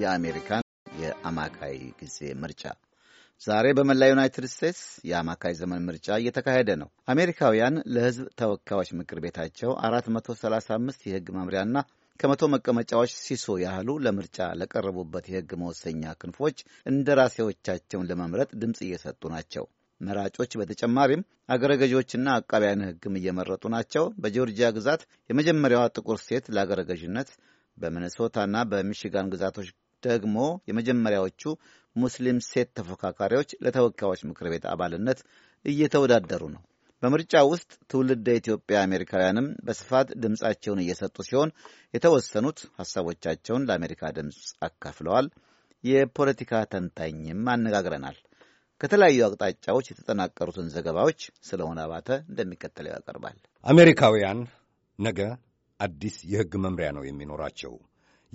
የአሜሪካን የአማካይ ጊዜ ምርጫ ዛሬ በመላ ዩናይትድ ስቴትስ የአማካይ ዘመን ምርጫ እየተካሄደ ነው። አሜሪካውያን ለሕዝብ ተወካዮች ምክር ቤታቸው 435 የሕግ መምሪያና ከመቶ መቀመጫዎች ሲሶ ያህሉ ለምርጫ ለቀረቡበት የሕግ መወሰኛ ክንፎች እንደራሴዎቻቸውን ለመምረጥ ድምፅ እየሰጡ ናቸው። መራጮች በተጨማሪም አገረ ገዢዎችና አቃቢያን ሕግም እየመረጡ ናቸው። በጆርጂያ ግዛት የመጀመሪያዋ ጥቁር ሴት ለአገረ ገዥነት፣ በሚኔሶታና በሚሽጋን ግዛቶች ደግሞ የመጀመሪያዎቹ ሙስሊም ሴት ተፎካካሪዎች ለተወካዮች ምክር ቤት አባልነት እየተወዳደሩ ነው። በምርጫ ውስጥ ትውልደ ኢትዮጵያ አሜሪካውያንም በስፋት ድምፃቸውን እየሰጡ ሲሆን የተወሰኑት ሐሳቦቻቸውን ለአሜሪካ ድምፅ አካፍለዋል። የፖለቲካ ተንታኝም አነጋግረናል። ከተለያዩ አቅጣጫዎች የተጠናቀሩትን ዘገባዎች ስለሆነ አባተ እንደሚከተለው ያቀርባል። አሜሪካውያን ነገ አዲስ የሕግ መምሪያ ነው የሚኖራቸው።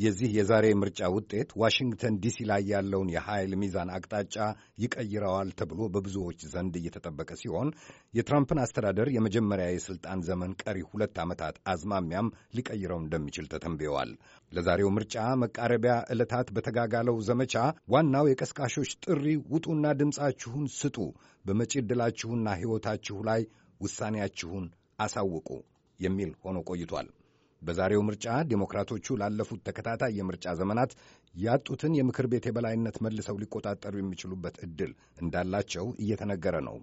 የዚህ የዛሬ ምርጫ ውጤት ዋሽንግተን ዲሲ ላይ ያለውን የኃይል ሚዛን አቅጣጫ ይቀይረዋል ተብሎ በብዙዎች ዘንድ እየተጠበቀ ሲሆን የትራምፕን አስተዳደር የመጀመሪያ የሥልጣን ዘመን ቀሪ ሁለት ዓመታት አዝማሚያም ሊቀይረው እንደሚችል ተተንብየዋል። ለዛሬው ምርጫ መቃረቢያ ዕለታት በተጋጋለው ዘመቻ ዋናው የቀስቃሾች ጥሪ ውጡና ድምፃችሁን ስጡ፣ በመጪ ዕድላችሁና ሕይወታችሁ ላይ ውሳኔያችሁን አሳውቁ የሚል ሆኖ ቆይቷል። በዛሬው ምርጫ ዴሞክራቶቹ ላለፉት ተከታታይ የምርጫ ዘመናት ያጡትን የምክር ቤት የበላይነት መልሰው ሊቆጣጠሩ የሚችሉበት ዕድል እንዳላቸው እየተነገረ ነው።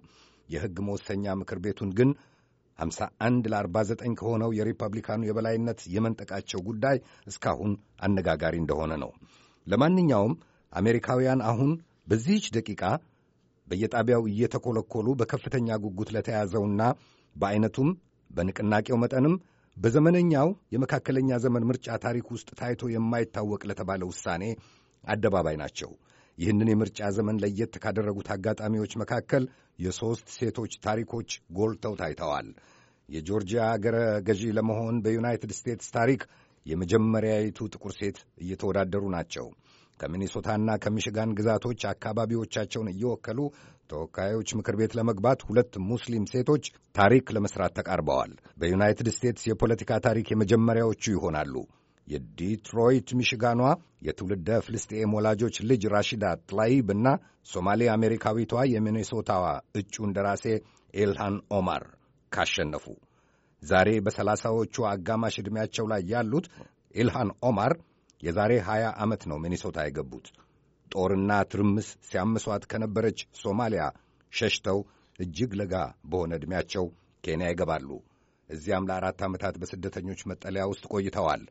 የሕግ መወሰኛ ምክር ቤቱን ግን 51 ለ49 ከሆነው የሪፐብሊካኑ የበላይነት የመንጠቃቸው ጉዳይ እስካሁን አነጋጋሪ እንደሆነ ነው። ለማንኛውም አሜሪካውያን አሁን በዚህች ደቂቃ በየጣቢያው እየተኮለኮሉ በከፍተኛ ጉጉት ለተያዘውና በዐይነቱም በንቅናቄው መጠንም በዘመነኛው የመካከለኛ ዘመን ምርጫ ታሪክ ውስጥ ታይቶ የማይታወቅ ለተባለ ውሳኔ አደባባይ ናቸው። ይህንን የምርጫ ዘመን ለየት ካደረጉት አጋጣሚዎች መካከል የሦስት ሴቶች ታሪኮች ጎልተው ታይተዋል። የጆርጂያ አገረ ገዢ ለመሆን በዩናይትድ ስቴትስ ታሪክ የመጀመሪያይቱ ጥቁር ሴት እየተወዳደሩ ናቸው። ከሚኒሶታና ከሚሽጋን ግዛቶች አካባቢዎቻቸውን እየወከሉ ተወካዮች ምክር ቤት ለመግባት ሁለት ሙስሊም ሴቶች ታሪክ ለመስራት ተቃርበዋል። በዩናይትድ ስቴትስ የፖለቲካ ታሪክ የመጀመሪያዎቹ ይሆናሉ። የዲትሮይት ሚሽጋኗ የትውልደ ፍልስጤም ወላጆች ልጅ ራሺዳ ጥላይብ እና ሶማሌ አሜሪካዊቷ የሚኔሶታዋ እጩ እንደራሴ ኤልሃን ኦማር ካሸነፉ ዛሬ በሰላሳዎቹ አጋማሽ ዕድሜያቸው ላይ ያሉት ኤልሃን ኦማር የዛሬ 20 ዓመት ነው ሚኒሶታ የገቡት። ጦርና ትርምስ ሲያምሷት ከነበረች ሶማሊያ ሸሽተው እጅግ ለጋ በሆነ ዕድሜያቸው ኬንያ ይገባሉ። እዚያም ለአራት ዓመታት በስደተኞች መጠለያ ውስጥ ቆይተዋል።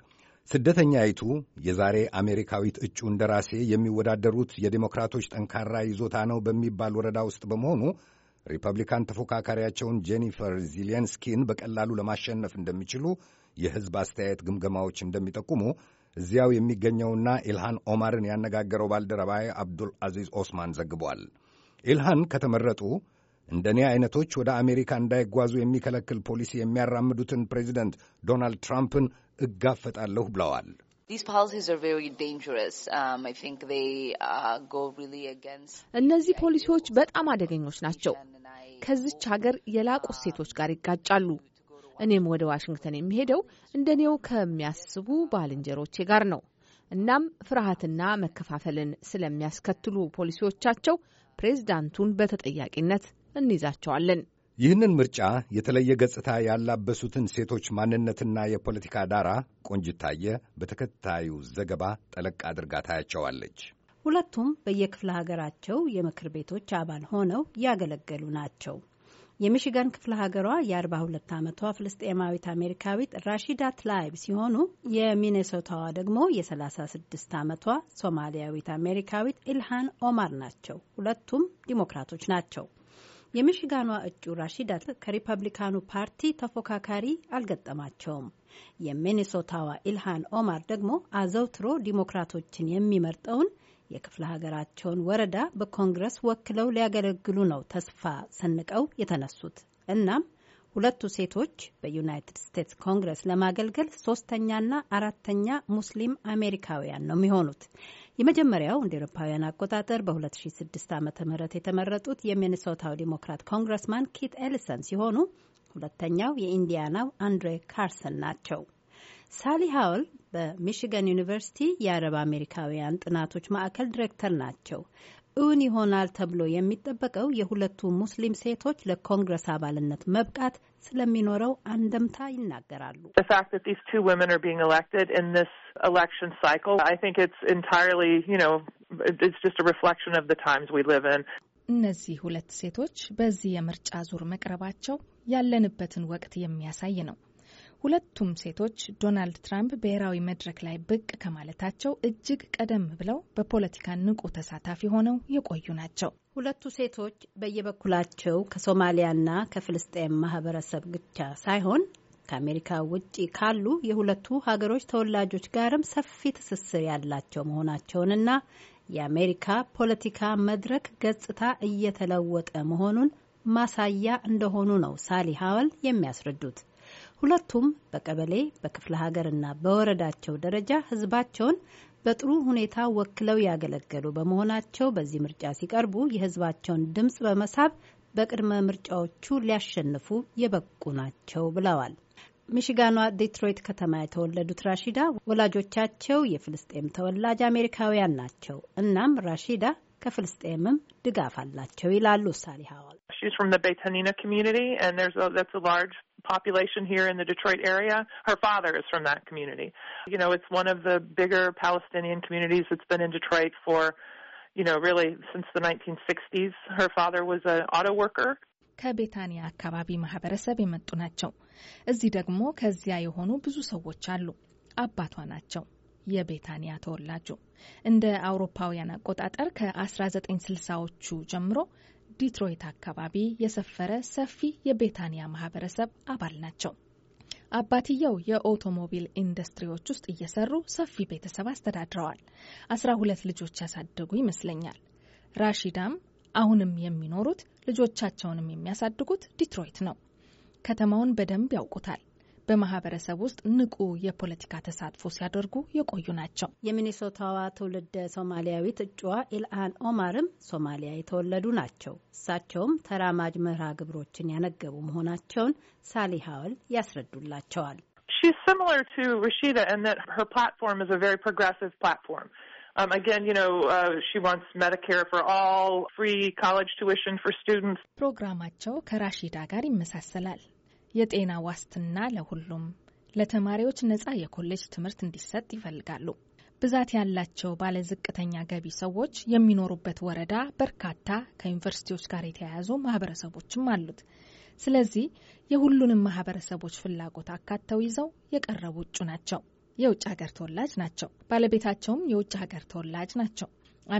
ስደተኛይቱ የዛሬ አሜሪካዊት እጩ እንደራሴ የሚወዳደሩት የዴሞክራቶች ጠንካራ ይዞታ ነው በሚባል ወረዳ ውስጥ በመሆኑ ሪፐብሊካን ተፎካካሪያቸውን ጄኒፈር ዚሌንስኪን በቀላሉ ለማሸነፍ እንደሚችሉ የሕዝብ አስተያየት ግምገማዎች እንደሚጠቁሙ እዚያው የሚገኘውና ኢልሃን ኦማርን ያነጋገረው ባልደረባዬ አብዱል አዚዝ ኦስማን ዘግቧል። ኢልሃን ከተመረጡ እንደ እኔ አይነቶች ወደ አሜሪካ እንዳይጓዙ የሚከለክል ፖሊሲ የሚያራምዱትን ፕሬዚደንት ዶናልድ ትራምፕን እጋፈጣለሁ ብለዋል። um, uh, እነዚህ ፖሊሲዎች በጣም አደገኞች ናቸው። ከዚች ሀገር የላቁ ሴቶች ጋር ይጋጫሉ። እኔም ወደ ዋሽንግተን የሚሄደው እንደኔው ከሚያስቡ ባልንጀሮቼ ጋር ነው። እናም ፍርሃትና መከፋፈልን ስለሚያስከትሉ ፖሊሲዎቻቸው ፕሬዝዳንቱን በተጠያቂነት እንይዛቸዋለን። ይህንን ምርጫ የተለየ ገጽታ ያላበሱትን ሴቶች ማንነትና የፖለቲካ ዳራ ቆንጅታየ በተከታዩ ዘገባ ጠለቅ አድርጋ ታያቸዋለች። ሁለቱም በየክፍለ ሀገራቸው የምክር ቤቶች አባል ሆነው ያገለገሉ ናቸው። የሚሽጋን ክፍለ ሀገሯ የ42 ዓመቷ ፍልስጤማዊት አሜሪካዊት ራሺዳ ትላይብ ሲሆኑ የሚኔሶታዋ ደግሞ የ36 ዓመቷ ሶማሊያዊት አሜሪካዊት ኢልሃን ኦማር ናቸው። ሁለቱም ዲሞክራቶች ናቸው። የሚሽጋኗ እጩ ራሺዳ ከሪፐብሊካኑ ፓርቲ ተፎካካሪ አልገጠማቸውም። የሚኔሶታዋ ኢልሃን ኦማር ደግሞ አዘውትሮ ዲሞክራቶችን የሚመርጠውን የክፍለ ሀገራቸውን ወረዳ በኮንግረስ ወክለው ሊያገለግሉ ነው ተስፋ ሰንቀው የተነሱት። እናም ሁለቱ ሴቶች በዩናይትድ ስቴትስ ኮንግረስ ለማገልገል ሶስተኛና አራተኛ ሙስሊም አሜሪካውያን ነው የሚሆኑት። የመጀመሪያው እንደ ኤሮፓውያን አቆጣጠር በ2006 ዓ ም የተመረጡት የሚኒሶታው ዲሞክራት ኮንግረስማን ኪት ኤሊሰን ሲሆኑ ሁለተኛው የኢንዲያናው አንድሬ ካርሰን ናቸው። ሳሊ ሀውል በሚሽገን ዩኒቨርሲቲ የአረብ አሜሪካውያን ጥናቶች ማዕከል ዲሬክተር ናቸው። እውን ይሆናል ተብሎ የሚጠበቀው የሁለቱ ሙስሊም ሴቶች ለኮንግረስ አባልነት መብቃት ስለሚኖረው አንደምታ ይናገራሉ። እነዚህ ሁለት ሴቶች በዚህ የምርጫ ዙር መቅረባቸው ያለንበትን ወቅት የሚያሳይ ነው። ሁለቱም ሴቶች ዶናልድ ትራምፕ ብሔራዊ መድረክ ላይ ብቅ ከማለታቸው እጅግ ቀደም ብለው በፖለቲካ ንቁ ተሳታፊ ሆነው የቆዩ ናቸው። ሁለቱ ሴቶች በየበኩላቸው ከሶማሊያና ከፍልስጤም ማህበረሰብ ብቻ ሳይሆን ከአሜሪካ ውጭ ካሉ የሁለቱ ሀገሮች ተወላጆች ጋርም ሰፊ ትስስር ያላቸው መሆናቸውንና የአሜሪካ ፖለቲካ መድረክ ገጽታ እየተለወጠ መሆኑን ማሳያ እንደሆኑ ነው ሳሊ ሀወል የሚያስረዱት። ሁለቱም በቀበሌ በክፍለ ሀገርና በወረዳቸው ደረጃ ህዝባቸውን በጥሩ ሁኔታ ወክለው ያገለገሉ በመሆናቸው በዚህ ምርጫ ሲቀርቡ የህዝባቸውን ድምፅ በመሳብ በቅድመ ምርጫዎቹ ሊያሸንፉ የበቁ ናቸው ብለዋል። ሚሽጋኗ ዲትሮይት ከተማ የተወለዱት ራሺዳ ወላጆቻቸው የፍልስጤም ተወላጅ አሜሪካውያን ናቸው። እናም ራሺዳ ከፍልስጤምም ድጋፍ አላቸው ይላሉ ሳሊሃዋል። she's from the Betanina community, and there's a that's a large population here in the Detroit area. Her father is from that community. You know, it's one of the bigger Palestinian communities that's been in Detroit for, you know, really since the 1960s. Her father was an auto worker. ከቤታንያ አካባቢ ማህበረሰብ የመጡ ናቸው። እዚህ ደግሞ ከዚያ የሆኑ ብዙ ሰዎች አሉ። አባቷ ናቸው የቤታንያ ተወላጁ እንደ አውሮፓውያን አቆጣጠር ከ1960ዎቹ ጀምሮ ዲትሮይት አካባቢ የሰፈረ ሰፊ የቤታንያ ማህበረሰብ አባል ናቸው። አባትየው የኦቶሞቢል ኢንዱስትሪዎች ውስጥ እየሰሩ ሰፊ ቤተሰብ አስተዳድረዋል። አስራ ሁለት ልጆች ያሳደጉ ይመስለኛል። ራሺዳም አሁንም የሚኖሩት ልጆቻቸውንም የሚያሳድጉት ዲትሮይት ነው። ከተማውን በደንብ ያውቁታል። በማህበረሰብ ውስጥ ንቁ የፖለቲካ ተሳትፎ ሲያደርጉ የቆዩ ናቸው። የሚኔሶታዋ ትውልደ ሶማሊያዊት እጩዋ ኢልሃን ኦማርም ሶማሊያ የተወለዱ ናቸው። እሳቸውም ተራማጅ መርሃ ግብሮችን ያነገቡ መሆናቸውን ሳሊ ሀወል ያስረዱላቸዋል። She's similar to Rashida in that her platform is a very progressive platform. Um, again, you know, uh, she wants Medicare for all, free college tuition for students. ፕሮግራማቸው ከራሺዳ ጋር ይመሳሰላል። የጤና ዋስትና ለሁሉም፣ ለተማሪዎች ነጻ የኮሌጅ ትምህርት እንዲሰጥ ይፈልጋሉ። ብዛት ያላቸው ባለ ዝቅተኛ ገቢ ሰዎች የሚኖሩበት ወረዳ በርካታ ከዩኒቨርሲቲዎች ጋር የተያያዙ ማህበረሰቦችም አሉት። ስለዚህ የሁሉንም ማህበረሰቦች ፍላጎት አካተው ይዘው የቀረቡ እጩ ናቸው። የውጭ ሀገር ተወላጅ ናቸው። ባለቤታቸውም የውጭ ሀገር ተወላጅ ናቸው።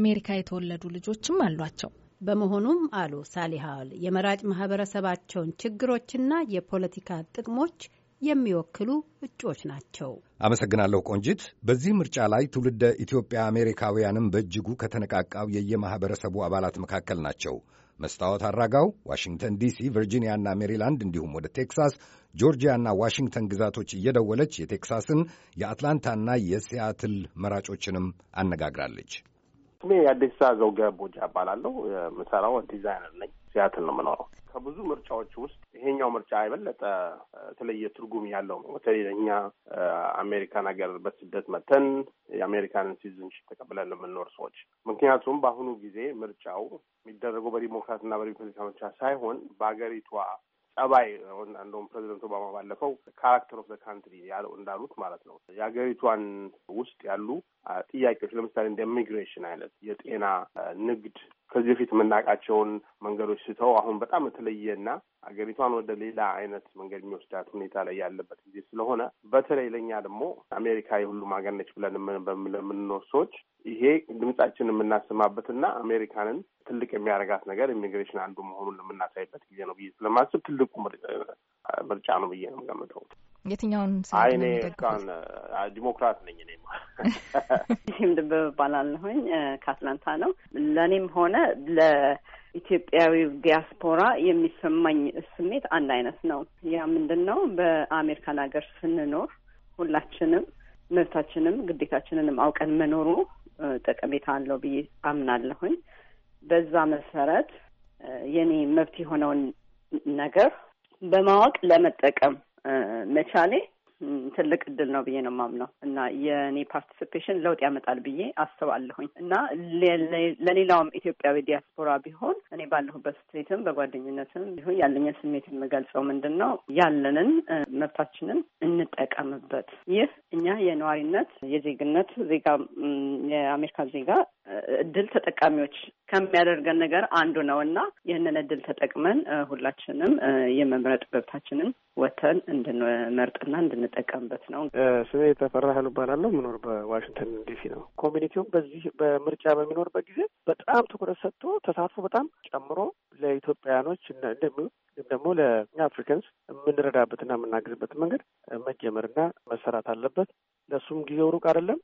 አሜሪካ የተወለዱ ልጆችም አሏቸው። በመሆኑም አሉ ሳሊሃል የመራጭ ማህበረሰባቸውን ችግሮችና የፖለቲካ ጥቅሞች የሚወክሉ እጩዎች ናቸው። አመሰግናለሁ ቆንጂት። በዚህ ምርጫ ላይ ትውልደ ኢትዮጵያ አሜሪካውያንም በእጅጉ ከተነቃቃው የየማኅበረሰቡ አባላት መካከል ናቸው። መስታወት አራጋው ዋሽንግተን ዲሲ፣ ቨርጂኒያና ሜሪላንድ እንዲሁም ወደ ቴክሳስ፣ ጆርጂያና ዋሽንግተን ግዛቶች እየደወለች የቴክሳስን የአትላንታና የሲያትል መራጮችንም አነጋግራለች። ስሜ የአዲስ ዘውገ ቦጃ እባላለሁ። የምሰራው ዲዛይነር ነኝ። ሲያትል ነው የምኖረው። ከብዙ ምርጫዎች ውስጥ ይሄኛው ምርጫ የበለጠ የተለየ ትርጉም ያለው ነው። በተለይ እኛ አሜሪካን ሀገር በስደት መተን የአሜሪካንን ሲቲዝንሺፕ ተቀብለን የምንኖር ሰዎች፣ ምክንያቱም በአሁኑ ጊዜ ምርጫው የሚደረገው በዲሞክራትና በሪፐብሊካ ምርጫ ሳይሆን በሀገሪቷ ጠባይ እንደውም ፕሬዚደንት ኦባማ ባለፈው ካራክተር ኦፍ ዘ ካንትሪ ያለው እንዳሉት ማለት ነው የሀገሪቷን ውስጥ ያሉ ጥያቄዎች ለምሳሌ እንደ ኢሚግሬሽን አይነት፣ የጤና፣ ንግድ ከዚህ በፊት የምናውቃቸውን መንገዶች ስተው አሁን በጣም የተለየና ሀገሪቷን ወደ ሌላ አይነት መንገድ የሚወስዳት ሁኔታ ላይ ያለበት ጊዜ ስለሆነ በተለይ ለእኛ ደግሞ አሜሪካ የሁሉም ሀገር ነች ብለን በምንኖር ሰዎች ይሄ ድምጻችን የምናሰማበትና አሜሪካንን ትልቅ የሚያደርጋት ነገር ኢሚግሬሽን አንዱ መሆኑን የምናሳይበት ጊዜ ነው ብዬ ስለማስብ ትልቁ ምርጫ ነው ብዬ ነው የምገምተው። የትኛውን አይኔ ቃን ዲሞክራት ነኝ። እኔ ይህም ድንብ ባላለሁኝ ከአትላንታ ነው። ለእኔም ሆነ ለኢትዮጵያዊ ዲያስፖራ የሚሰማኝ ስሜት አንድ አይነት ነው። ያ ምንድን ነው? በአሜሪካን ሀገር ስንኖር ሁላችንም መብታችንም ግዴታችንንም አውቀን መኖሩ ጠቀሜታ አለው ብዬ አምናለሁኝ። በዛ መሰረት የኔ መብት የሆነውን ነገር በማወቅ ለመጠቀም መቻሌ ትልቅ እድል ነው ብዬ ነው የማምነው እና የእኔ ፓርቲሲፔሽን ለውጥ ያመጣል ብዬ አስባለሁኝ እና ለሌላውም ኢትዮጵያዊ ዲያስፖራ ቢሆን እኔ ባለሁበት ስቴትም በጓደኝነትም ቢሆን ያለኝን ስሜት የምገልጸው ምንድን ነው ያለንን መብታችንን እንጠቀምበት። ይህ እኛ የነዋሪነት የዜግነት ዜጋ የአሜሪካን ዜጋ እድል ተጠቃሚዎች ከሚያደርገን ነገር አንዱ ነው እና ይህንን እድል ተጠቅመን ሁላችንም የመምረጥ መብታችንን ወተን እንድንመርጥና እንድን የምንጠቀምበት ነው። ስሜ የተፈራ ህል እባላለሁ። በዋሽንግተን ዲሲ ነው። ኮሚኒቲውም በዚህ በምርጫ በሚኖርበት ጊዜ በጣም ትኩረት ሰጥቶ ተሳትፎ በጣም ጨምሮ ለኢትዮጵያውያኖች ደግሞ ለአፍሪካንስ የምንረዳበትና የምናግዝበት መንገድ መጀመርና መሰራት አለበት። ለእሱም ጊዜው ሩቅ አይደለም።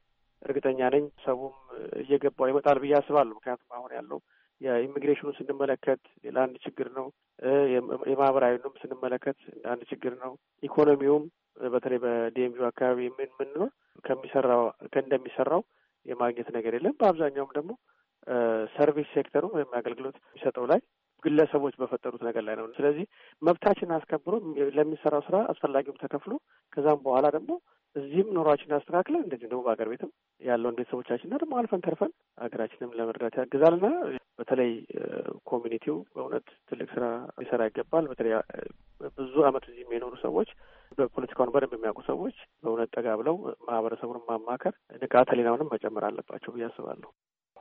እርግጠኛ ነኝ ሰውም እየገባው ይመጣል ብዬ አስባለሁ። ምክንያቱም አሁን ያለው የኢሚግሬሽኑ ስንመለከት ሌላ አንድ ችግር ነው። የማህበራዊንም ስንመለከት አንድ ችግር ነው። ኢኮኖሚውም በተለይ በዲኤምዩ አካባቢ ምን ከሚሰራው ከእንደሚሰራው የማግኘት ነገር የለም። በአብዛኛውም ደግሞ ሰርቪስ ሴክተሩ ወይም አገልግሎት የሚሰጠው ላይ ግለሰቦች በፈጠሩት ነገር ላይ ነው። ስለዚህ መብታችን አስከብሮ ለሚሰራው ስራ አስፈላጊውም ተከፍሎ ከዛም በኋላ ደግሞ እዚህም ኑሯችን አስተካክለን እንደዚህ ደግሞ በሀገር ቤትም ያለውን ቤተሰቦቻችንና ደግሞ አልፈን ተርፈን ሀገራችንም ለመርዳት ያግዛልና በተለይ ኮሚኒቲው በእውነት ትልቅ ስራ ሊሰራ ይገባል። በተለይ ብዙ አመት እዚህ የሚኖሩ ሰዎች በፖለቲካውን በደንብ የሚያውቁ ሰዎች በእውነት ጠጋ ብለው ማህበረሰቡን ማማከር ንቃተ ህሊናውንም መጨመር አለባቸው ብዬ አስባለሁ።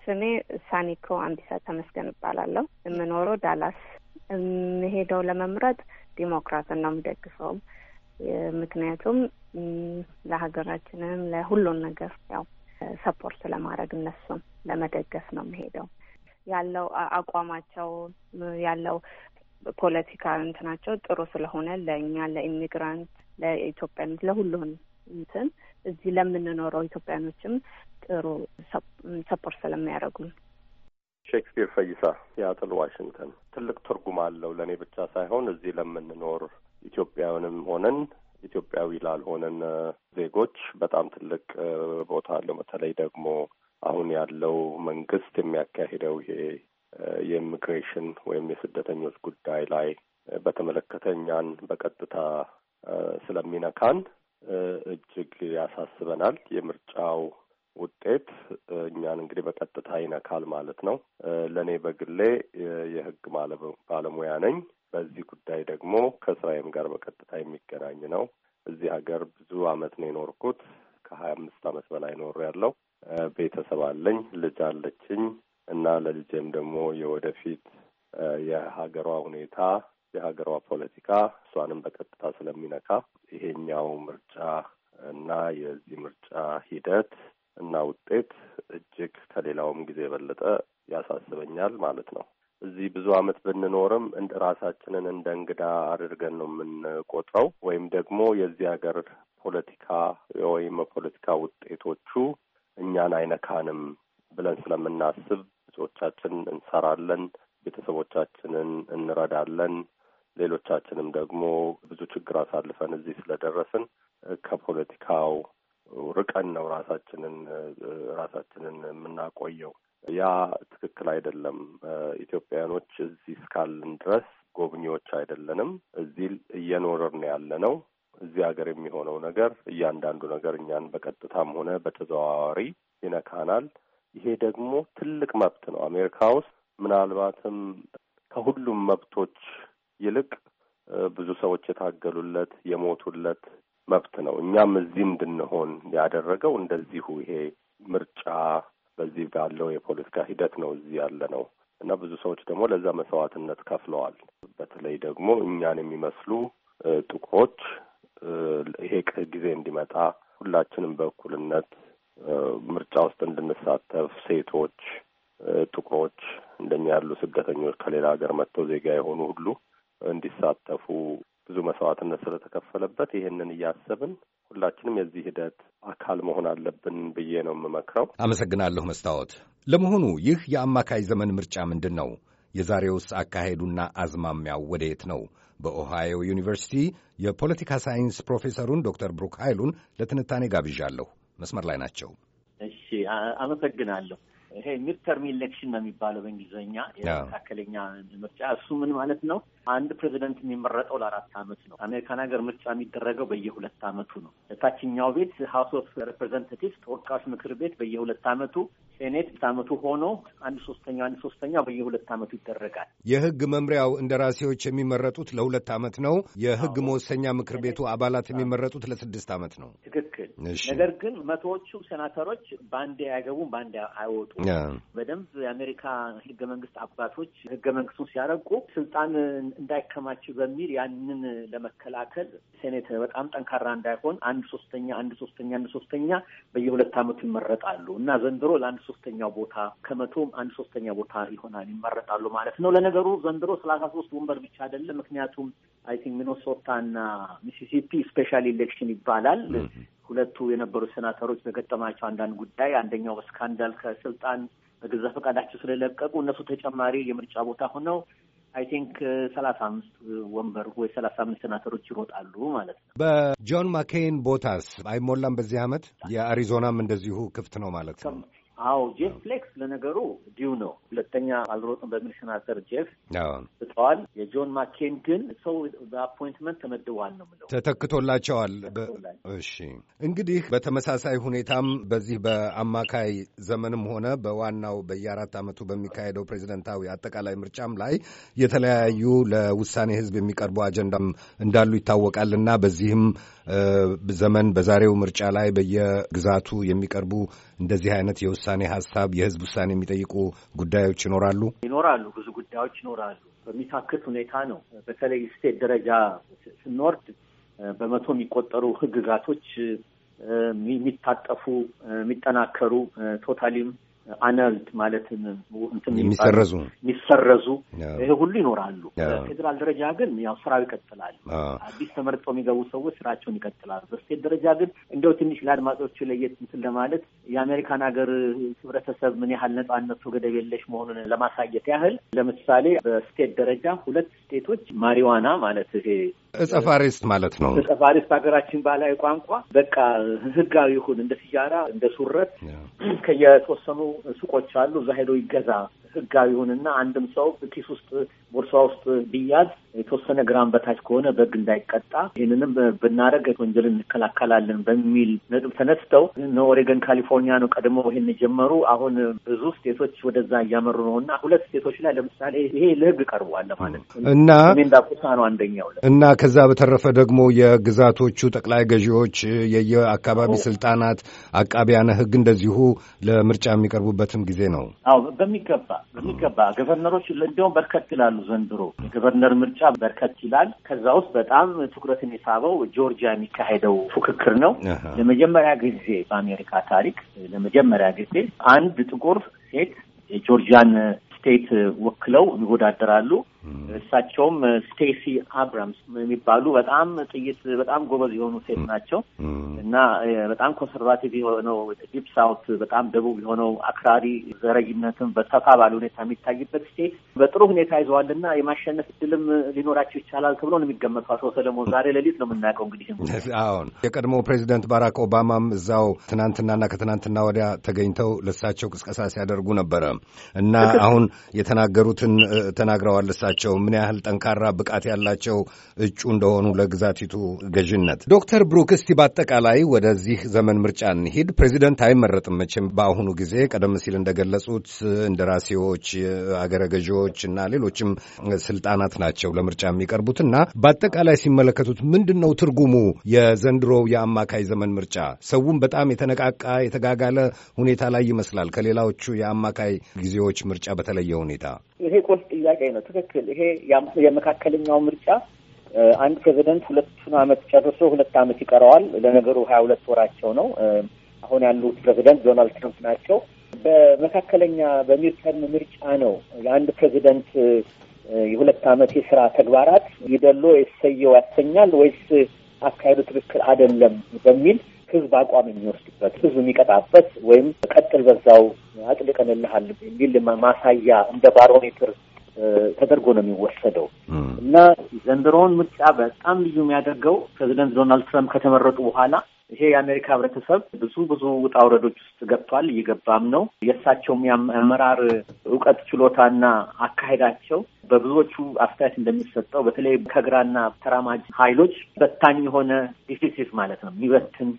ስሜ ሳኒኮ አምቢሳ ተመስገን እባላለሁ። የምኖረው ዳላስ። የምሄደው ለመምረጥ ዲሞክራትን ነው የምደግፈውም ምክንያቱም ለሀገራችንም ለሁሉን ነገር ያው ሰፖርት ለማድረግ እነሱም ለመደገፍ ነው የምሄደው። ያለው አቋማቸው ያለው ፖለቲካ እንትናቸው ጥሩ ስለሆነ ለእኛ ለኢሚግራንት ለኢትዮጵያ ለሁሉን እንትን እዚህ ለምንኖረው ኢትዮጵያኖችም ጥሩ ሰፖርት ስለሚያደርጉን። ሼክስፒር ፈይሳ ሲያትል ዋሽንግተን። ትልቅ ትርጉም አለው ለእኔ ብቻ ሳይሆን እዚህ ለምንኖር ኢትዮጵያውያንም ሆነን ኢትዮጵያዊ ላልሆነን ዜጎች በጣም ትልቅ ቦታ አለው። በተለይ ደግሞ አሁን ያለው መንግስት የሚያካሂደው ይሄ የኢሚግሬሽን ወይም የስደተኞች ጉዳይ ላይ በተመለከተ እኛን በቀጥታ ስለሚነካን እጅግ ያሳስበናል። የምርጫው ውጤት እኛን እንግዲህ በቀጥታ ይነካል ማለት ነው። ለእኔ በግሌ የህግ ባለሙያ ነኝ። በዚህ ጉዳይ ደግሞ ከስራዬም ጋር በቀጥታ የሚገናኝ ነው። እዚህ ሀገር ብዙ አመት ነው የኖርኩት። ከሀያ አምስት አመት በላይ ኖር ያለው ቤተሰብ አለኝ፣ ልጅ አለችኝ። እና ለልጄም ደግሞ የወደፊት የሀገሯ ሁኔታ የሀገሯ ፖለቲካ እሷንም በቀጥታ ስለሚነካ ይሄኛው ምርጫ እና የዚህ ምርጫ ሂደት እና ውጤት እጅግ ከሌላውም ጊዜ የበለጠ ያሳስበኛል ማለት ነው። እዚህ ብዙ ዓመት ብንኖርም እንደ ራሳችንን እንደ እንግዳ አድርገን ነው የምንቆጥረው ወይም ደግሞ የዚህ ሀገር ፖለቲካ ወይም የፖለቲካ ውጤቶቹ እኛን አይነካንም ብለን ስለምናስብ ለድርጅቶቻችን እንሰራለን፣ ቤተሰቦቻችንን እንረዳለን። ሌሎቻችንም ደግሞ ብዙ ችግር አሳልፈን እዚህ ስለደረስን ከፖለቲካው ርቀን ነው ራሳችንን ራሳችንን የምናቆየው። ያ ትክክል አይደለም። ኢትዮጵያውያኖች እዚህ እስካልን ድረስ ጎብኚዎች አይደለንም። እዚህ እየኖርን ነው ያለ ነው። እዚህ ሀገር የሚሆነው ነገር እያንዳንዱ ነገር እኛን በቀጥታም ሆነ በተዘዋዋሪ ይነካናል። ይሄ ደግሞ ትልቅ መብት ነው። አሜሪካ ውስጥ ምናልባትም ከሁሉም መብቶች ይልቅ ብዙ ሰዎች የታገሉለት የሞቱለት መብት ነው። እኛም እዚህ እንድንሆን ያደረገው እንደዚሁ ይሄ ምርጫ በዚህ ባለው የፖለቲካ ሂደት ነው እዚህ ያለ ነው እና ብዙ ሰዎች ደግሞ ለዛ መስዋዕትነት ከፍለዋል። በተለይ ደግሞ እኛን የሚመስሉ ጥቁሮች ይሄ ጊዜ እንዲመጣ ሁላችንም በእኩልነት ምርጫ ውስጥ እንድንሳተፍ ሴቶች፣ ጥቁሮች፣ እንደኛ ያሉ ስደተኞች ከሌላ ሀገር መጥተው ዜጋ የሆኑ ሁሉ እንዲሳተፉ ብዙ መስዋዕትነት ስለተከፈለበት ይህንን እያሰብን ሁላችንም የዚህ ሂደት አካል መሆን አለብን ብዬ ነው የምመክረው። አመሰግናለሁ። መስታወት፣ ለመሆኑ ይህ የአማካይ ዘመን ምርጫ ምንድን ነው? የዛሬውስ አካሄዱና አዝማሚያው ወደየት ነው? በኦሃዮ ዩኒቨርሲቲ የፖለቲካ ሳይንስ ፕሮፌሰሩን ዶክተር ብሩክ ኃይሉን ለትንታኔ ጋብዣለሁ። መስመር ላይ ናቸው። እሺ፣ አመሰግናለሁ። ይሄ ሚድተርም ኢሌክሽን ነው የሚባለው በእንግሊዝኛ የመካከለኛ ምርጫ። እሱ ምን ማለት ነው? አንድ ፕሬዚደንት የሚመረጠው ለአራት አመት ነው። አሜሪካን ሀገር ምርጫ የሚደረገው በየሁለት አመቱ ነው። ታችኛው ቤት ሀውስ ኦፍ ሬፕሬዘንታቲቭ ተወካዮች ምክር ቤት በየሁለት አመቱ፣ ሴኔት አመቱ ሆኖ አንድ ሶስተኛው አንድ ሶስተኛው በየሁለት አመቱ ይደረጋል። የህግ መምሪያው እንደራሴዎች የሚመረጡት ለሁለት አመት ነው። የህግ መወሰኛ ምክር ቤቱ አባላት የሚመረጡት ለስድስት አመት ነው። ትክክል። ነገር ግን መቶዎቹ ሴናተሮች በአንዴ አይገቡም፣ በአንዴ አይወጡም። በደንብ የአሜሪካ ህገ መንግስት አባቶች ህገ መንግስቱን ሲያረቁ ስልጣን እንዳይከማች በሚል ያንን ለመከላከል ሴኔት በጣም ጠንካራ እንዳይሆን አንድ ሶስተኛ አንድ ሶስተኛ አንድ ሶስተኛ በየሁለት ዓመቱ ይመረጣሉ እና ዘንድሮ ለአንድ ሶስተኛው ቦታ ከመቶም አንድ ሶስተኛ ቦታ ይሆናል ይመረጣሉ ማለት ነው። ለነገሩ ዘንድሮ ሰላሳ ሶስት ወንበር ብቻ አይደለም። ምክንያቱም አይ ቲንክ ሚኖሶታ እና ሚሲሲፒ ስፔሻል ኢሌክሽን ይባላል ሁለቱ የነበሩ ሴናተሮች በገጠማቸው አንዳንድ ጉዳይ አንደኛው በስካንዳል ከስልጣን በገዛ ፈቃዳቸው ስለለቀቁ እነሱ ተጨማሪ የምርጫ ቦታ ሆነው አይ ቲንክ ሰላሳ አምስት ወንበር ወይ ሰላሳ አምስት ሴናተሮች ይሮጣሉ ማለት ነው። በጆን ማኬን ቦታስ አይሞላም በዚህ ዓመት የአሪዞናም እንደዚሁ ክፍት ነው ማለት ነው። አዎ ጄፍ ፍሌክስ ለነገሩ ዲው ነው። ሁለተኛ አልሮጥም በሚል ሴናተር ጄፍ ስጠዋል። የጆን ማኬን ግን ሰው በአፖይንትመንት ተመድቧል ነው ምለው ተተክቶላቸዋል። እሺ እንግዲህ በተመሳሳይ ሁኔታም በዚህ በአማካይ ዘመንም ሆነ በዋናው በየአራት ዓመቱ በሚካሄደው ፕሬዚደንታዊ አጠቃላይ ምርጫም ላይ የተለያዩ ለውሳኔ ህዝብ የሚቀርቡ አጀንዳም እንዳሉ ይታወቃል እና በዚህም ዘመን በዛሬው ምርጫ ላይ በየግዛቱ የሚቀርቡ እንደዚህ አይነት የውሳኔ ሀሳብ የህዝብ ውሳኔ የሚጠይቁ ጉዳዮች ይኖራሉ ይኖራሉ። ብዙ ጉዳዮች ይኖራሉ። በሚታክት ሁኔታ ነው። በተለይ ስቴት ደረጃ ስንወርድ በመቶ የሚቆጠሩ ህግጋቶች የሚታጠፉ የሚጠናከሩ ቶታሊም አነልድ ማለትም የሚሰረዙ የሚሰረዙ ይሄ ሁሉ ይኖራሉ። በፌዴራል ደረጃ ግን ያው ስራው ይቀጥላል። አዲስ ተመርጠው የሚገቡ ሰዎች ስራቸውን ይቀጥላሉ። በስቴት ደረጃ ግን እንደው ትንሽ ለአድማጮቹ ለየት እንትን ለማለት የአሜሪካን ሀገር ህብረተሰብ ምን ያህል ነጻነቱ ገደብ የለሽ መሆኑን ለማሳየት ያህል ለምሳሌ በስቴት ደረጃ ሁለት ስቴቶች ማሪዋና ማለት ይሄ እጸፋሪስት ማለት ነው። እጸፋሪስት በሀገራችን ባህላዊ ቋንቋ በቃ ህጋዊ ይሁን እንደ ስያራ እንደ ሱረት ከየተወሰኑ ሱቆች አሉ። እዛ ሄዶ ይገዛ ህጋዊውንና አንድም ሰው ኪስ ውስጥ ቦርሳ ውስጥ ቢያዝ የተወሰነ ግራም በታች ከሆነ በግ እንዳይቀጣ ይህንንም ብናደረግ ወንጀል እንከላከላለን በሚል ነጥብ ተነስተው ኦሬገን ካሊፎርኒያ ነው ቀድሞ ይህን የጀመሩ። አሁን ብዙ ስቴቶች ወደዛ እያመሩ ነው እና ሁለት ስቴቶች ላይ ለምሳሌ ይሄ ለህግ ቀርቧል ማለት ነው እና እንዳቁሳ ነው አንደኛው እና ከዛ በተረፈ ደግሞ የግዛቶቹ ጠቅላይ ገዢዎች፣ የየአካባቢ ስልጣናት፣ አቃቢያነ ህግ እንደዚሁ ለምርጫ የሚቀርቡበትም ጊዜ ነው። አዎ በሚገባ በሚገባ ገቨርነሮች እንዲሁም በርከት ይላሉ። ዘንድሮ የገቨርነር ምርጫ በርከት ይላል። ከዛ ውስጥ በጣም ትኩረትን የሳበው ጆርጂያ የሚካሄደው ፉክክር ነው። ለመጀመሪያ ጊዜ በአሜሪካ ታሪክ ለመጀመሪያ ጊዜ አንድ ጥቁር ሴት የጆርጂያን ስቴት ወክለው ይወዳደራሉ። እሳቸውም ስቴሲ አብራምስ የሚባሉ በጣም ጥይት በጣም ጎበዝ የሆኑ ሴት ናቸው እና በጣም ኮንሰርቫቲቭ የሆነው ዲፕ ሳውት በጣም ደቡብ የሆነው አክራሪ ዘረኝነትም በሰፋ ባለ ሁኔታ የሚታይበት ስቴት በጥሩ ሁኔታ ይዘዋል እና የማሸነፍ እድልም ሊኖራቸው ይቻላል ተብሎ ነው የሚገመቱ። አቶ ሰለሞን ዛሬ ሌሊት ነው የምናውቀው። እንግዲህ አሁን የቀድሞ ፕሬዚደንት ባራክ ኦባማም እዛው ትናንትናና ከትናንትና ወዲያ ተገኝተው ለሳቸው ቅስቀሳ ሲያደርጉ ነበረ እና አሁን የተናገሩትን ተናግረዋል እሳቸው ናቸው፣ ምን ያህል ጠንካራ ብቃት ያላቸው እጩ እንደሆኑ ለግዛቲቱ ገዥነት። ዶክተር ብሩክ እስቲ በአጠቃላይ ወደዚህ ዘመን ምርጫ እንሂድ። ፕሬዚደንት አይመረጥም መቼም በአሁኑ ጊዜ ቀደም ሲል እንደገለጹት እንደራሴዎች፣ አገረ ገዢዎች እና ሌሎችም ስልጣናት ናቸው ለምርጫ የሚቀርቡት እና በአጠቃላይ ሲመለከቱት ምንድን ነው ትርጉሙ የዘንድሮው የአማካይ ዘመን ምርጫ? ሰውም በጣም የተነቃቃ የተጋጋለ ሁኔታ ላይ ይመስላል ከሌላዎቹ የአማካይ ጊዜዎች ምርጫ በተለየ ሁኔታ ይሄ ቁልፍ ጥያቄ ነው። ትክክል። ይሄ የመካከለኛው ምርጫ አንድ ፕሬዚደንት ሁለቱን አመት ጨርሶ ሁለት አመት ይቀረዋል። ለነገሩ ሀያ ሁለት ወራቸው ነው። አሁን ያሉት ፕሬዚደንት ዶናልድ ትራምፕ ናቸው። በመካከለኛ በሚርተርም ምርጫ ነው የአንድ ፕሬዚደንት የሁለት አመት የስራ ተግባራት ይደሎ የሰየው ያሰኛል ወይስ አካሄዱ ትክክል አይደለም በሚል ህዝብ አቋም የሚወስድበት ህዝብ የሚቀጣበት ወይም ቀጥል በዛው አጥልቀንልሃል የሚል ማሳያ እንደ ባሮሜትር ተደርጎ ነው የሚወሰደው እና ዘንድሮውን ምርጫ በጣም ልዩ የሚያደርገው ፕሬዚደንት ዶናልድ ትራምፕ ከተመረጡ በኋላ ይሄ የአሜሪካ ህብረተሰብ ብዙ ብዙ ውጣ ውረዶች ውስጥ ገብቷል፣ እየገባም ነው። የእሳቸውም የአመራር እውቀት ችሎታና አካሄዳቸው በብዙዎቹ አስተያየት እንደሚሰጠው በተለይ ከግራና ተራማጅ ኃይሎች በታኝ የሆነ ዲፊሲት ማለት ነው የሚበትን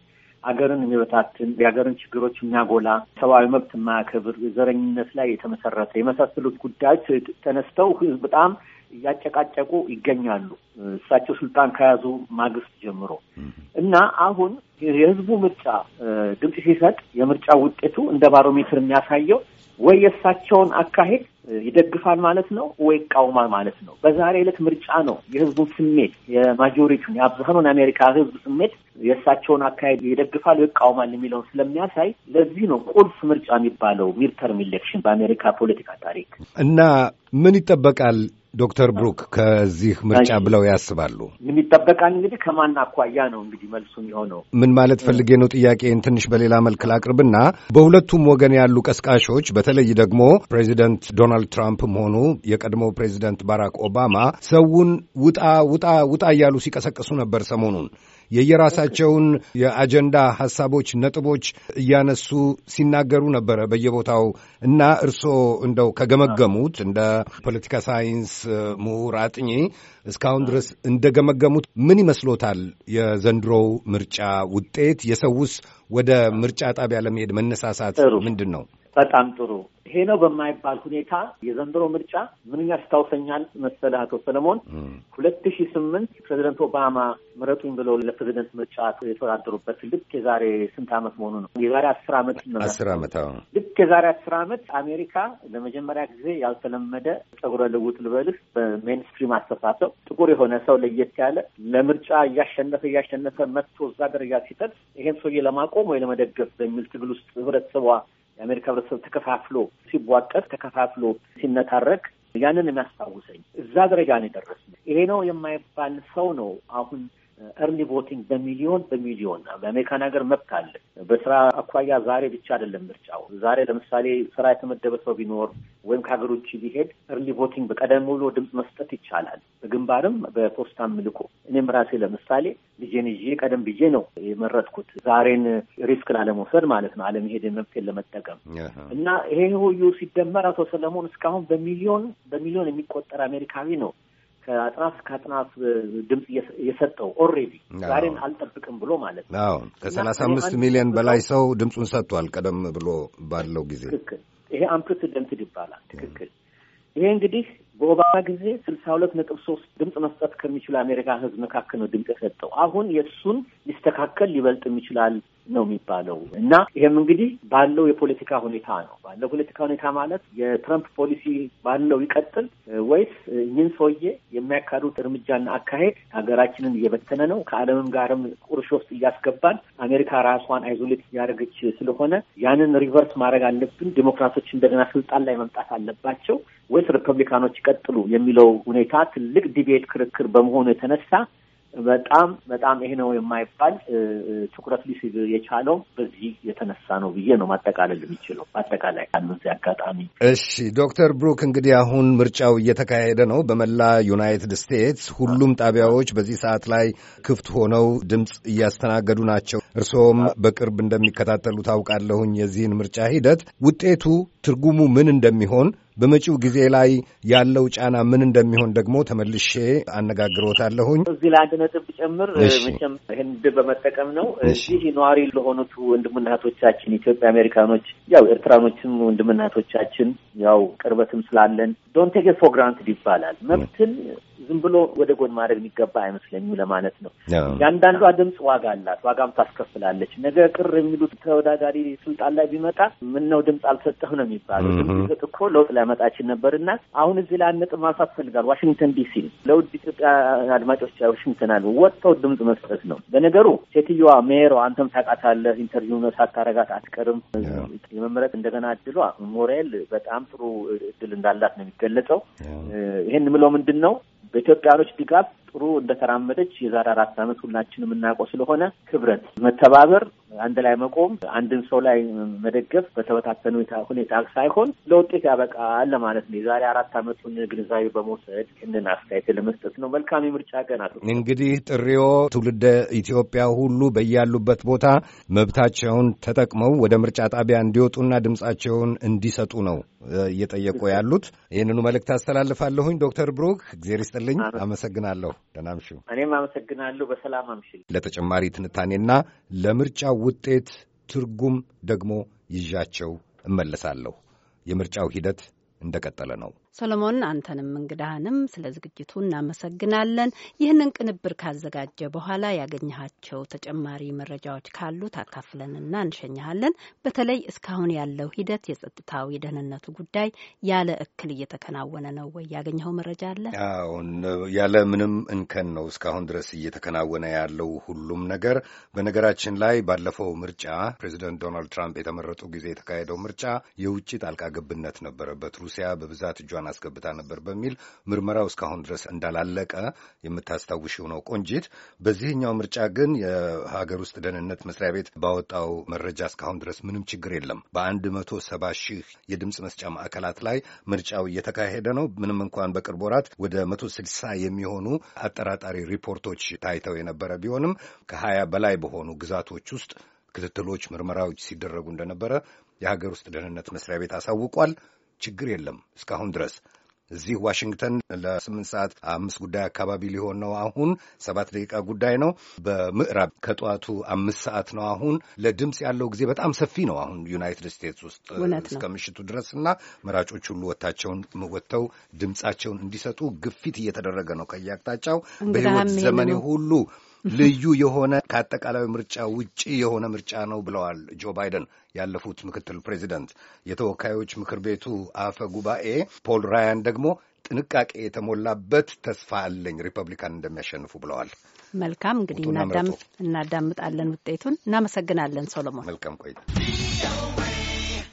አገርን የሚበታትን የሀገርን ችግሮች የሚያጎላ ሰብአዊ መብት የማያከብር ዘረኝነት ላይ የተመሰረተ የመሳሰሉት ጉዳዮች ተነስተው ህዝብ በጣም እያጨቃጨቁ ይገኛሉ። እሳቸው ስልጣን ከያዙ ማግስት ጀምሮ እና አሁን የህዝቡ ምርጫ ድምፅ ሲሰጥ የምርጫ ውጤቱ እንደ ባሮሜትር የሚያሳየው ወይ የእሳቸውን አካሄድ ይደግፋል ማለት ነው፣ ወይ ይቃውማል ማለት ነው። በዛሬ ዕለት ምርጫ ነው የህዝቡን ስሜት የማጆሪቲውን የአብዛኑን የአሜሪካ ህዝብ ስሜት የእሳቸውን አካሄድ ይደግፋል ወይ ይቃውማል የሚለውን ስለሚያሳይ ለዚህ ነው ቁልፍ ምርጫ የሚባለው ሚድተርም ኢሌክሽን በአሜሪካ ፖለቲካ ታሪክ እና ምን ይጠበቃል ዶክተር ብሩክ ከዚህ ምርጫ ብለው ያስባሉ? የሚጠበቃል እንግዲህ ከማን አኳያ ነው እንግዲህ መልሱ የሚሆነው። ምን ማለት ፈልጌ ነው ጥያቄን ትንሽ በሌላ መልክ ላቅርብና በሁለቱም ወገን ያሉ ቀስቃሾች በተለይ ደግሞ ፕሬዚደንት ዶናልድ ትራምፕም ሆኑ የቀድሞ ፕሬዚደንት ባራክ ኦባማ ሰውን ውጣ ውጣ ውጣ እያሉ ሲቀሰቅሱ ነበር ሰሞኑን የየራሳቸውን የአጀንዳ ሀሳቦች፣ ነጥቦች እያነሱ ሲናገሩ ነበረ በየቦታው እና እርስዎ እንደው ከገመገሙት እንደ ፖለቲካ ሳይንስ ምሁር አጥኚ እስካሁን ድረስ እንደገመገሙት ምን ይመስሎታል? የዘንድሮው ምርጫ ውጤት የሰውስ ወደ ምርጫ ጣቢያ ለመሄድ መነሳሳት ምንድን ነው? በጣም ጥሩ ይሄ ነው በማይባል ሁኔታ የዘንድሮ ምርጫ ምንኛ ያስታውሰኛል መሰለህ አቶ ሰለሞን ሁለት ሺ ስምንት ፕሬዚደንት ኦባማ ምረጡኝ ብለው ለፕሬዚደንት ምርጫ የተወዳደሩበት ልክ የዛሬ ስንት ዓመት መሆኑ ነው? የዛሬ አስር ዓመት አስር ዓመት ልክ የዛሬ አስር ዓመት አሜሪካ ለመጀመሪያ ጊዜ ያልተለመደ ጸጉረ ልውጥ ልበልህ በሜንስትሪም አስተሳሰብ ጥቁር የሆነ ሰው ለየት ያለ ለምርጫ እያሸነፈ እያሸነፈ መጥቶ እዛ ደረጃ ሲጠጥ ይሄን ሰውዬ ለማቆም ወይ ለመደገፍ በሚል ትግል ውስጥ ህብረተሰቧ የአሜሪካ ህብረተሰብ ተከፋፍሎ ሲቧጠጥ ተከፋፍሎ ሲነታረክ ያንን የሚያስታውሰኝ እዛ ደረጃ ነው የደረስነው። ይሄ ነው የማይባል ሰው ነው አሁን ኤርሊ ቮቲንግ በሚሊዮን በሚሊዮን በአሜሪካን ሀገር መብት አለ። በስራ አኳያ ዛሬ ብቻ አይደለም ምርጫው። ዛሬ ለምሳሌ ስራ የተመደበ ሰው ቢኖር ወይም ከሀገር ውጭ ቢሄድ ኤርሊ ቮቲንግ በቀደም ብሎ ድምፅ መስጠት ይቻላል። በግንባርም በፖስታ ልኮ። እኔም ራሴ ለምሳሌ ልጄን ይዤ ቀደም ብዬ ነው የመረጥኩት፣ ዛሬን ሪስክ ላለመውሰድ ማለት ነው፣ አለመሄድ መብቴን ለመጠቀም እና ይሄ ሁሉ ሲደመር አቶ ሰለሞን እስካሁን በሚሊዮን በሚሊዮን የሚቆጠር አሜሪካዊ ነው ከአጥናፍ ከአጥናፍ ድምፅ የሰጠው ኦሬዲ ዛሬን አልጠብቅም ብሎ ማለት ነው። ከሰላሳ አምስት ሚሊዮን በላይ ሰው ድምፁን ሰጥቷል። ቀደም ብሎ ባለው ጊዜ ትክክል። ይሄ አንፕሬሲደንትድ ይባላል። ትክክል። ይሄ እንግዲህ በኦባማ ጊዜ ስልሳ ሁለት ነጥብ ሶስት ድምፅ መስጠት ከሚችሉ አሜሪካ ህዝብ መካከል ነው ድምፅ የሰጠው። አሁን የእሱን ሊስተካከል ሊበልጥም ይችላል ነው የሚባለው እና ይህም እንግዲህ ባለው የፖለቲካ ሁኔታ ነው። ባለው ፖለቲካ ሁኔታ ማለት የትረምፕ ፖሊሲ ባለው ይቀጥል ወይስ እኚህን ሰውዬ የሚያካሂዱት እርምጃና አካሄድ ሀገራችንን እየበተነ ነው፣ ከዓለምም ጋርም ቁርሾ ውስጥ እያስገባን አሜሪካ ራሷን አይዞሌት እያደረገች ስለሆነ ያንን ሪቨርስ ማድረግ አለብን፣ ዲሞክራቶች እንደገና ስልጣን ላይ መምጣት አለባቸው ወይስ ሪፐብሊካኖች ይቀጥሉ የሚለው ሁኔታ ትልቅ ዲቤት ክርክር በመሆኑ የተነሳ በጣም በጣም ይሄ ነው የማይባል ትኩረት ሊስብ የቻለው በዚህ የተነሳ ነው ብዬ ነው ማጠቃለል የሚችለው። አጠቃላይ ያሉ እዚህ አጋጣሚ። እሺ ዶክተር ብሩክ እንግዲህ አሁን ምርጫው እየተካሄደ ነው በመላ ዩናይትድ ስቴትስ። ሁሉም ጣቢያዎች በዚህ ሰዓት ላይ ክፍት ሆነው ድምፅ እያስተናገዱ ናቸው። እርስዎም በቅርብ እንደሚከታተሉ ታውቃለሁኝ የዚህን ምርጫ ሂደት ውጤቱ ትርጉሙ ምን እንደሚሆን በመጪው ጊዜ ላይ ያለው ጫና ምን እንደሚሆን ደግሞ ተመልሼ አነጋግሮታለሁኝ። እዚህ ላይ አንድ ነጥብ ጨምር መቼም ይህን በመጠቀም ነው እዚህ ነዋሪ ለሆኑት ወንድምናቶቻችን ኢትዮጵያ አሜሪካኖች፣ ያው ኤርትራኖችም ወንድምናቶቻችን ያው ቅርበትም ስላለን ዶንት ቴክ ፎር ግራንትድ ይባላል መብትን ዝም ብሎ ወደ ጎን ማድረግ የሚገባ አይመስለኝም ለማለት ነው። የአንዳንዷ ድምፅ ዋጋ አላት፣ ዋጋም ታስከፍላለች። ነገ ቅር የሚሉት ተወዳዳሪ ስልጣን ላይ ቢመጣ ምን ነው ድምፅ አልሰጠህ ነው የሚባለው። ድምፅ ይሰጥ እኮ ለውጥ ሊያመጣችን ነበር እና አሁን እዚህ ላይ ነጥብ ማንሳት ፈልጋል። ዋሽንግተን ዲሲ ለውድ ኢትዮጵያ አድማጮች ዋሽንግተን አሉ ወጥተው ድምፅ መስጠት ነው። በነገሩ ሴትዮዋ ሜሮ አንተም ታውቃታለህ፣ ኢንተርቪው ነው ሳታረጋት አትቀርም። የመምረጥ እንደገና እድሏ ሞሬል በጣም ጥሩ እድል እንዳላት ነው የሚገለጸው። ይሄን ምለው ምንድን ነው በኢትዮጵያኖች ድጋፍ ጥሩ እንደተራመደች የዛሬ አራት ዓመት ሁላችን የምናውቀው ስለሆነ ህብረት፣ መተባበር፣ አንድ ላይ መቆም፣ አንድን ሰው ላይ መደገፍ በተበታተነ ሁኔታ ሳይሆን ለውጤት ያበቃል ለማለት ነው። የዛሬ አራት ዓመቱን ግንዛቤ በመውሰድ ይህንን አስተያየት ለመስጠት ነው። መልካም የምርጫ ቀን እንግዲህ ጥሪዎ ትውልደ ኢትዮጵያ ሁሉ በያሉበት ቦታ መብታቸውን ተጠቅመው ወደ ምርጫ ጣቢያ እንዲወጡና ድምጻቸውን እንዲሰጡ ነው እየጠየቁ ያሉት። ይህንኑ መልእክት አስተላልፋለሁኝ። ዶክተር ብሩክ እግዜር ይስጥልኝ፣ አመሰግናለሁ። ደህና አምሹ። እኔም አመሰግናለሁ። በሰላም አምሽል። ለተጨማሪ ትንታኔና ለምርጫ ውጤት ትርጉም ደግሞ ይዣቸው እመለሳለሁ። የምርጫው ሂደት እንደቀጠለ ነው። ሰሎሞን፣ አንተንም እንግዳህንም ስለ ዝግጅቱ እናመሰግናለን። ይህንን ቅንብር ካዘጋጀ በኋላ ያገኘሃቸው ተጨማሪ መረጃዎች ካሉ ታካፍለንና እንሸኝሃለን። በተለይ እስካሁን ያለው ሂደት የጸጥታው የደህንነቱ ጉዳይ ያለ እክል እየተከናወነ ነው ወይ? ያገኘኸው መረጃ አለ? አሁን ያለ ምንም እንከን ነው እስካሁን ድረስ እየተከናወነ ያለው ሁሉም ነገር። በነገራችን ላይ ባለፈው ምርጫ ፕሬዚደንት ዶናልድ ትራምፕ የተመረጡ ጊዜ የተካሄደው ምርጫ የውጭ ጣልቃ ገብነት ነበረበት። ሩሲያ በብዛት እጇን አውሮፕላን አስገብታ ነበር በሚል ምርመራው እስካሁን ድረስ እንዳላለቀ የምታስታውሽው ነው ቆንጂት። በዚህኛው ምርጫ ግን የሀገር ውስጥ ደህንነት መስሪያ ቤት ባወጣው መረጃ እስካሁን ድረስ ምንም ችግር የለም። በአንድ መቶ ሰባ ሺህ የድምፅ መስጫ ማዕከላት ላይ ምርጫው እየተካሄደ ነው። ምንም እንኳን በቅርብ ወራት ወደ መቶ ስልሳ የሚሆኑ አጠራጣሪ ሪፖርቶች ታይተው የነበረ ቢሆንም ከሀያ በላይ በሆኑ ግዛቶች ውስጥ ክትትሎች፣ ምርመራዎች ሲደረጉ እንደነበረ የሀገር ውስጥ ደህንነት መስሪያ ቤት አሳውቋል። ችግር የለም እስካሁን ድረስ እዚህ ዋሽንግተን ለስምንት ሰዓት አምስት ጉዳይ አካባቢ ሊሆን ነው። አሁን ሰባት ደቂቃ ጉዳይ ነው። በምዕራብ ከጠዋቱ አምስት ሰዓት ነው። አሁን ለድምፅ ያለው ጊዜ በጣም ሰፊ ነው። አሁን ዩናይትድ ስቴትስ ውስጥ እስከ ምሽቱ ድረስ እና መራጮች ሁሉ ወታቸውን ወጥተው ድምፃቸውን እንዲሰጡ ግፊት እየተደረገ ነው ከየአቅጣጫው በህይወት ዘመኔ ሁሉ ልዩ የሆነ ከአጠቃላይ ምርጫ ውጪ የሆነ ምርጫ ነው ብለዋል ጆ ባይደን ያለፉት ምክትል ፕሬዚደንት። የተወካዮች ምክር ቤቱ አፈ ጉባኤ ፖል ራያን ደግሞ ጥንቃቄ የተሞላበት ተስፋ አለኝ ሪፐብሊካን እንደሚያሸንፉ ብለዋል። መልካም እንግዲህ እናዳምጣለን ውጤቱን። እናመሰግናለን ሶሎሞን። መልካም ቆይታ